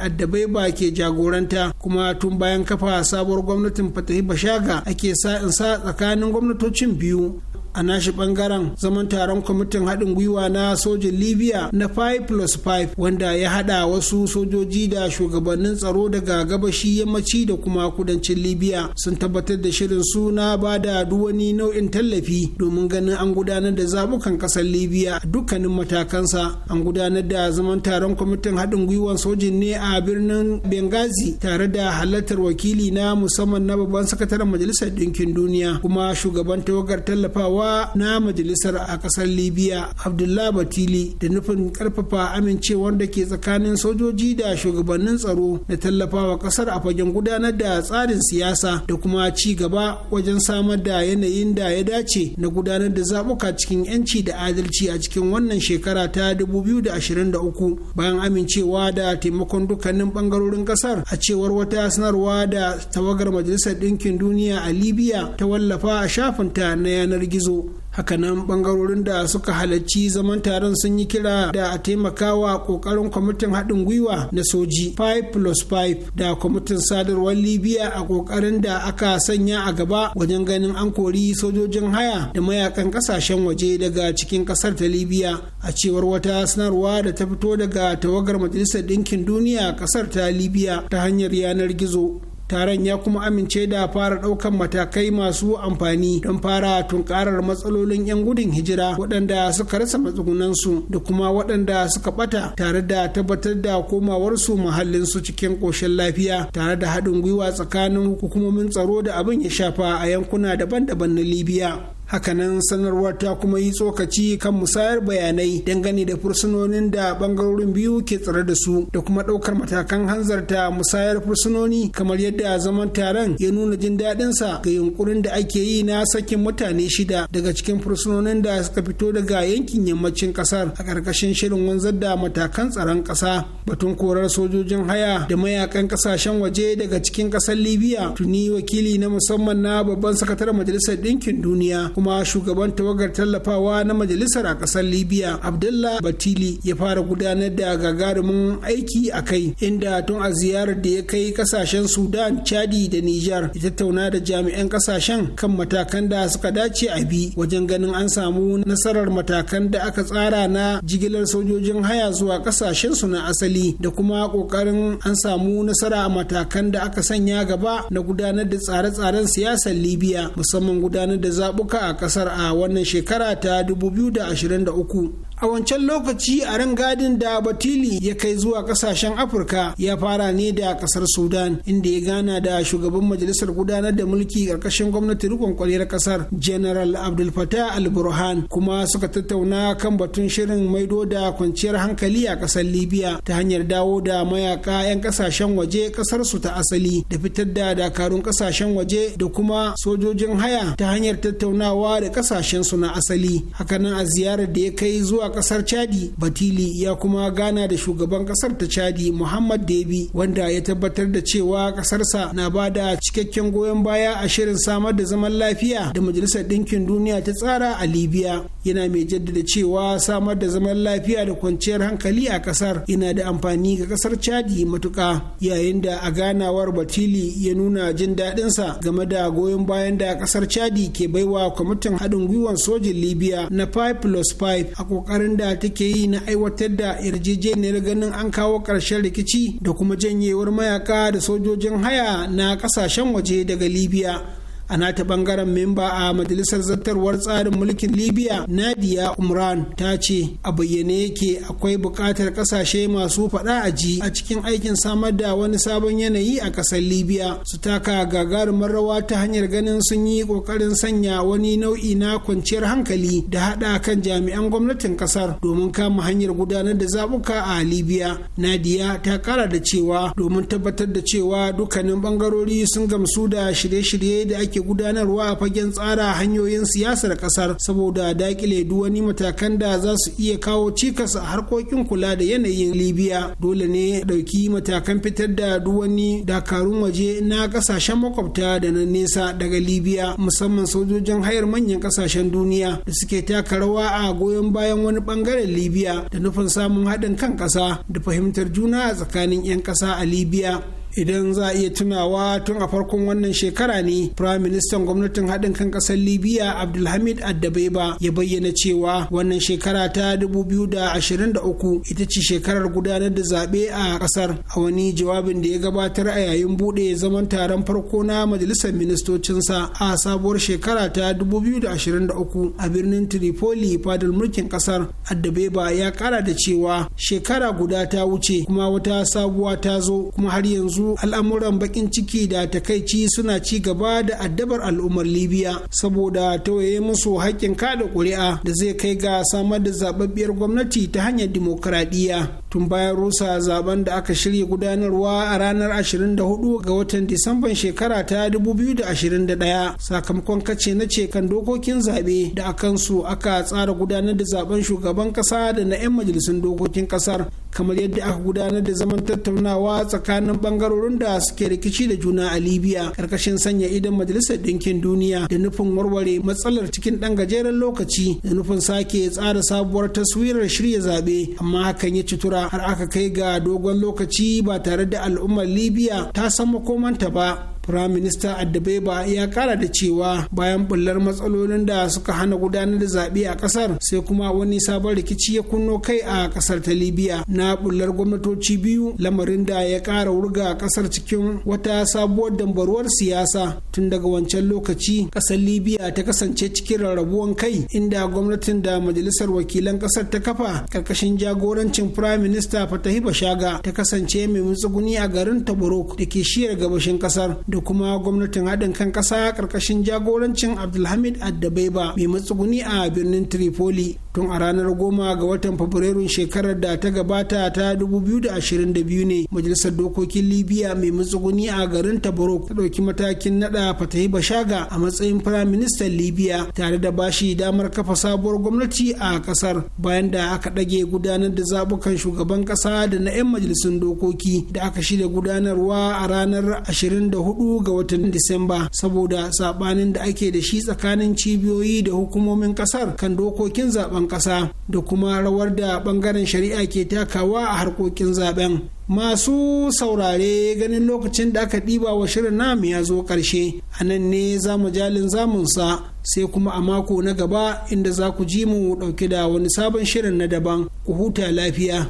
ba ke jagoranta kuma tun bayan kafa sabuwar gwamnatin fatahi bashaga ake sa tsakanin gwamnatocin biyu a nashi bangaren zaman taron kwamitin haɗin gwiwa na sojin libya na 5 plus 5 wanda ya haɗa wasu sojoji da shugabannin tsaro daga gabashi yammaci da kuma kudancin libya sun tabbatar da shirin suna na ba da duwani nau'in tallafi domin ganin an gudanar da zabukan ƙasar libya dukkanin matakansa an gudanar da zaman taron kwamitin haɗin gwiwan sojin ne a birnin benghazi tare da halartar wakili na musamman na babban sakataren majalisar ɗinkin duniya kuma shugaban tawagar tallafawa shugaba na majalisar a kasar libya abdullah batili da nufin karfafa amincewar da ke tsakanin sojoji da shugabannin tsaro da tallafawa kasar a fagen gudanar da tsarin siyasa da kuma ci gaba wajen samar da yanayin da ya dace na gudanar da zaɓuka cikin 'yanci da adalci a cikin wannan shekara ta 2023 bayan amincewa da taimakon dukkanin bangarorin ƙasar a cewar wata sanarwa da tawagar majalisar ɗinkin duniya a libya ta wallafa a shafinta na yanar gizo zo hakanan bangarorin da suka halarci zaman taron sun yi kira da a taimakawa kokarin kwamitin haɗin gwiwa na soji 5 plus 5 da kwamitin sadarwar libya a kokarin da aka sanya a gaba wajen ganin an kori sojojin haya da mayakan kasashen waje daga cikin kasar ta libya a cewar wata sanarwa da ta fito daga tawagar majalisar ɗinkin duniya kasar ta libya ta hanyar yanar gizo taron ya kuma amince da fara ɗaukan matakai masu amfani don fara tunkarar matsalolin 'yan gudun hijira waɗanda suka rasa matsugunansu da kuma waɗanda suka ɓata tare da tabbatar da komawarsu muhallinsu cikin ƙoshin lafiya tare da haɗin gwiwa tsakanin hukumomin tsaro da abin ya shafa a yankuna daban-daban na libya hakanan sanarwar ta kuma yi tsokaci kan musayar bayanai dangane da fursunonin da bangarorin biyu ke tsare da su da kuma ɗaukar matakan hanzarta musayar fursunoni kamar yadda zaman taron ya nuna jin daɗinsa ga yunkurin da ake yi na sakin mutane shida daga cikin fursunonin da suka fito daga yankin yammacin ƙasar a ƙarƙashin shirin wanzar da matakan tsaron ƙasa batun korar sojojin haya da mayakan ƙasashen waje daga cikin ƙasar libya tuni wakili na musamman na babban sakataren majalisar ɗinkin duniya kuma shugaban tawagar tallafawa na majalisar a ƙasar libya abdullah batili ya fara gudanar da gagarumin aiki a kai inda tun a ziyarar da ya kai ƙasashen sudan chadi da niger ya tattauna da jami'an ƙasashen kan matakan da suka dace a bi wajen ganin an samu nasarar matakan da aka tsara na jigilar sojojin haya zuwa ƙasashen su na asali da kuma ƙoƙarin an samu nasara a matakan da aka sanya gaba na gudanar da tsare-tsaren siyasar libya musamman gudanar da zaɓuka a kasar a wannan shekara ta 2023 a wancan lokaci a gadin da batili ya kai zuwa kasashen afirka ya fara ne da kasar sudan inda ya gana da shugaban majalisar gudanar da mulki karkashin gwamnati rikon kwaliyar kasar general abdul fatah al burhan kuma suka tattauna kan batun shirin maido da kwanciyar hankali a kasar libya ta hanyar dawo da mayaka 'yan kasashen waje kasar su ta asali da fitar da dakarun kasashen waje da kuma sojojin haya ta hanyar tattaunawa da kasashen su na asali hakanan a ziyarar da ya kai zuwa a kasar chadi batili ya kuma gana da shugaban kasar ta chadi muhammad debi wanda ya tabbatar da cewa kasarsa na ba da cikakken goyon baya a shirin samar da zaman lafiya da majalisar ɗinkin duniya ta tsara a libya yana mai jaddada cewa samar da zaman lafiya da kwanciyar hankali a kasar yana da amfani ga kasar chadi matuka yayin da a ganawar batili ya nuna jin daɗinsa game da goyon bayan da kasar chadi ke baiwa kwamitin haɗin gwiwar sojin libya na 5 plus 5 a ƙoƙarin da take yi na aiwatar da yarjejeniyar ganin an kawo ƙarshen rikici da kuma janyewar mayaka da sojojin haya na ƙasashen waje daga libya a nata bangaren memba a majalisar zartarwar tsarin mulkin libya nadia umran ta ce a bayyane yake akwai buƙatar ƙasashe masu faɗa a ji a cikin aikin samar da wani sabon yanayi a ƙasar libya su taka gagarumar rawa ta hanyar ganin sun yi ƙoƙarin sanya wani nau'i na kwanciyar hankali da haɗa kan jami'an gwamnatin ƙasar domin kama hanyar gudanar da zaɓuka a libya nadia ta ƙara da cewa domin tabbatar da cewa dukkanin ɓangarori sun gamsu da shirye-shirye da ake ke gudanarwa a fagen tsara hanyoyin siyasar kasar saboda dakile duk wani matakan da za su iya kawo cikas a harkokin kula da yanayin libya dole ne dauki matakan fitar da duk wani dakarun waje na kasashen makwabta da na nesa daga libya musamman sojojin hayar manyan kasashen duniya da suke taka rawa a goyon bayan wani bangaren libya da nufin samun haɗin kan ƙasa da fahimtar juna a tsakanin 'yan ƙasa a libya idan za a iya tunawa tun a farkon wannan shekara ne prime ministan gwamnatin haɗin kan ƙasar libya abdulhamid addabaiba ya bayyana cewa wannan shekara ta 2023 ita ce shekarar gudanar da zaɓe a ƙasar a wani jawabin da ya gabatar a yayin buɗe zaman taron farko na majalisar ministocinsa a sabuwar shekara ta 2023 a birnin tripoli fadar mulkin ƙasar addabaiba ya ƙara da cewa shekara guda ta wuce kuma wata sabuwa ta zo kuma har yanzu al'amuran bakin ciki da takaici suna ci gaba da addabar al'ummar libya saboda tauye musu haƙƙin kada ƙuri'a da zai kai ga samar da zababbiyar gwamnati ta hanyar dimokuraɗiyya tun bayan rusa zaben da aka shirya gudanarwa a ranar 24 ga watan disamban shekara ta 2021 sakamakon kace na ce kan dokokin zaɓe da a kansu aka tsara gudanar da zaben shugaban ƙasa da na 'yan majalisun dokokin ƙasar kamar yadda aka gudanar da zaman tattaunawa tsakanin bangarorin da suke rikici da juna a libya karkashin sanya idan majalisar ɗinkin duniya da nufin warware matsalar cikin ɗan gajeren lokaci da nufin sake tsara sabuwar taswirar shirya zaɓe amma hakan ya ci tura har aka kai ga dogon lokaci ba tare da al'ummar libya ta san makomanta ba Firaminista adabeba ya kara da cewa bayan bullar matsalolin da suka hana gudanar da zaɓe a ƙasar sai kuma wani sabon rikici ya kunno kai a ƙasar ta Libya na bullar gwamnatoci biyu lamarin da ya ƙara wurga a ƙasar cikin wata sabuwar dambaruwar siyasa tun daga wancan lokaci ƙasar Libya ta kasance cikin rarrabuwan kai inda gwamnatin da majalisar wakilan ƙasar ta kafa ƙarƙashin jagorancin Firaminista Fatahi Bashaga ta kasance mai mutsuguni a garin Tabarok da ke shiyar gabashin ƙasar da kuma gwamnatin haɗin kan ƙasa ƙarƙashin jagorancin abdulhamid addabaiba mai matsuguni a birnin tripoli tun a ranar goma ga watan fabrairun shekarar da ta gabata ta 2022 ne majalisar dokokin libya mai matsuguni a garin tabarok ta ɗauki matakin naɗa fatahi bashaga a matsayin firaministan libya tare da bashi damar kafa sabuwar gwamnati a ƙasar bayan da aka ɗage gudanar da zaɓukan shugaban ƙasa da na 'yan majalisun dokoki da aka shirya gudanarwa a ranar 24 ga watan Disamba saboda sabanin da ake da shi tsakanin cibiyoyi da hukumomin kasar kan dokokin zaben kasa da kuma rawar da bangaren shari'a ke takawa a harkokin zaben. Masu saurare ganin lokacin da aka ɗiba wa shirin nam ya zo ƙarshe, a nan ne za mu jalin zamunsa sai kuma a mako na gaba inda za ku ji mu ɗauke da wani sabon shirin na daban ku huta lafiya.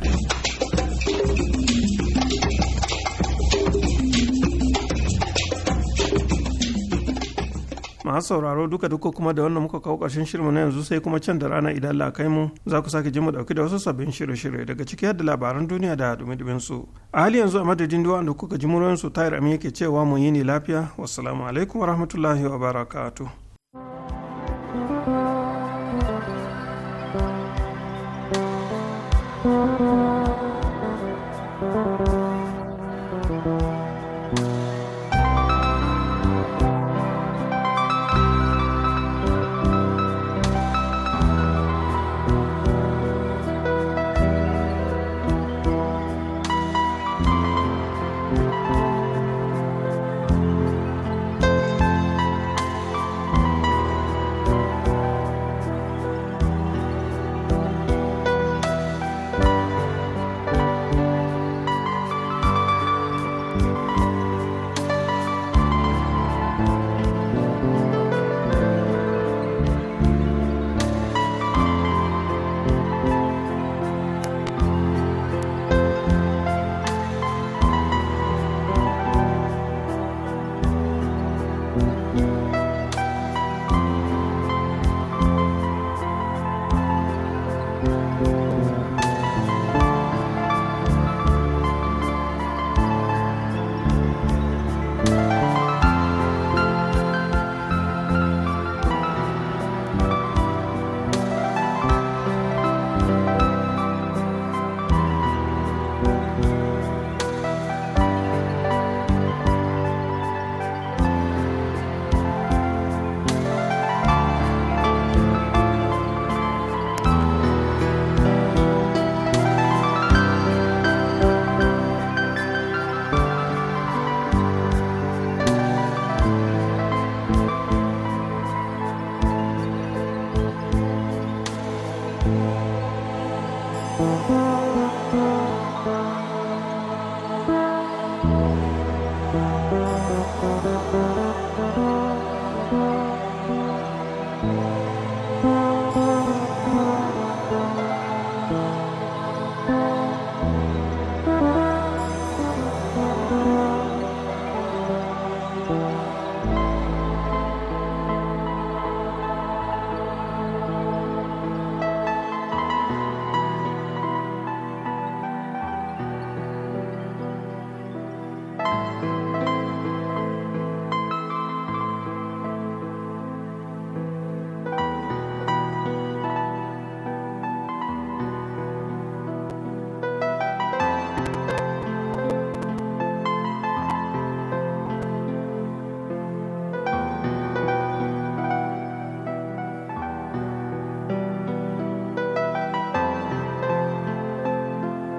masu sauraro duka duka kuma da wannan muka kawo ƙarshen shirinmu na yanzu sai kuma can da rana idan la kai mu za ku sake ji mu dauki da wasu sabbin shirye-shirye daga ciki da labaran duniya da dumi-dumin su. A hali yanzu a madadin duwa da kuka ji muryoyin su tayar amin yake cewa mu yi ni lafiya. Wassalamu alaikum warahmatullahi barakatu.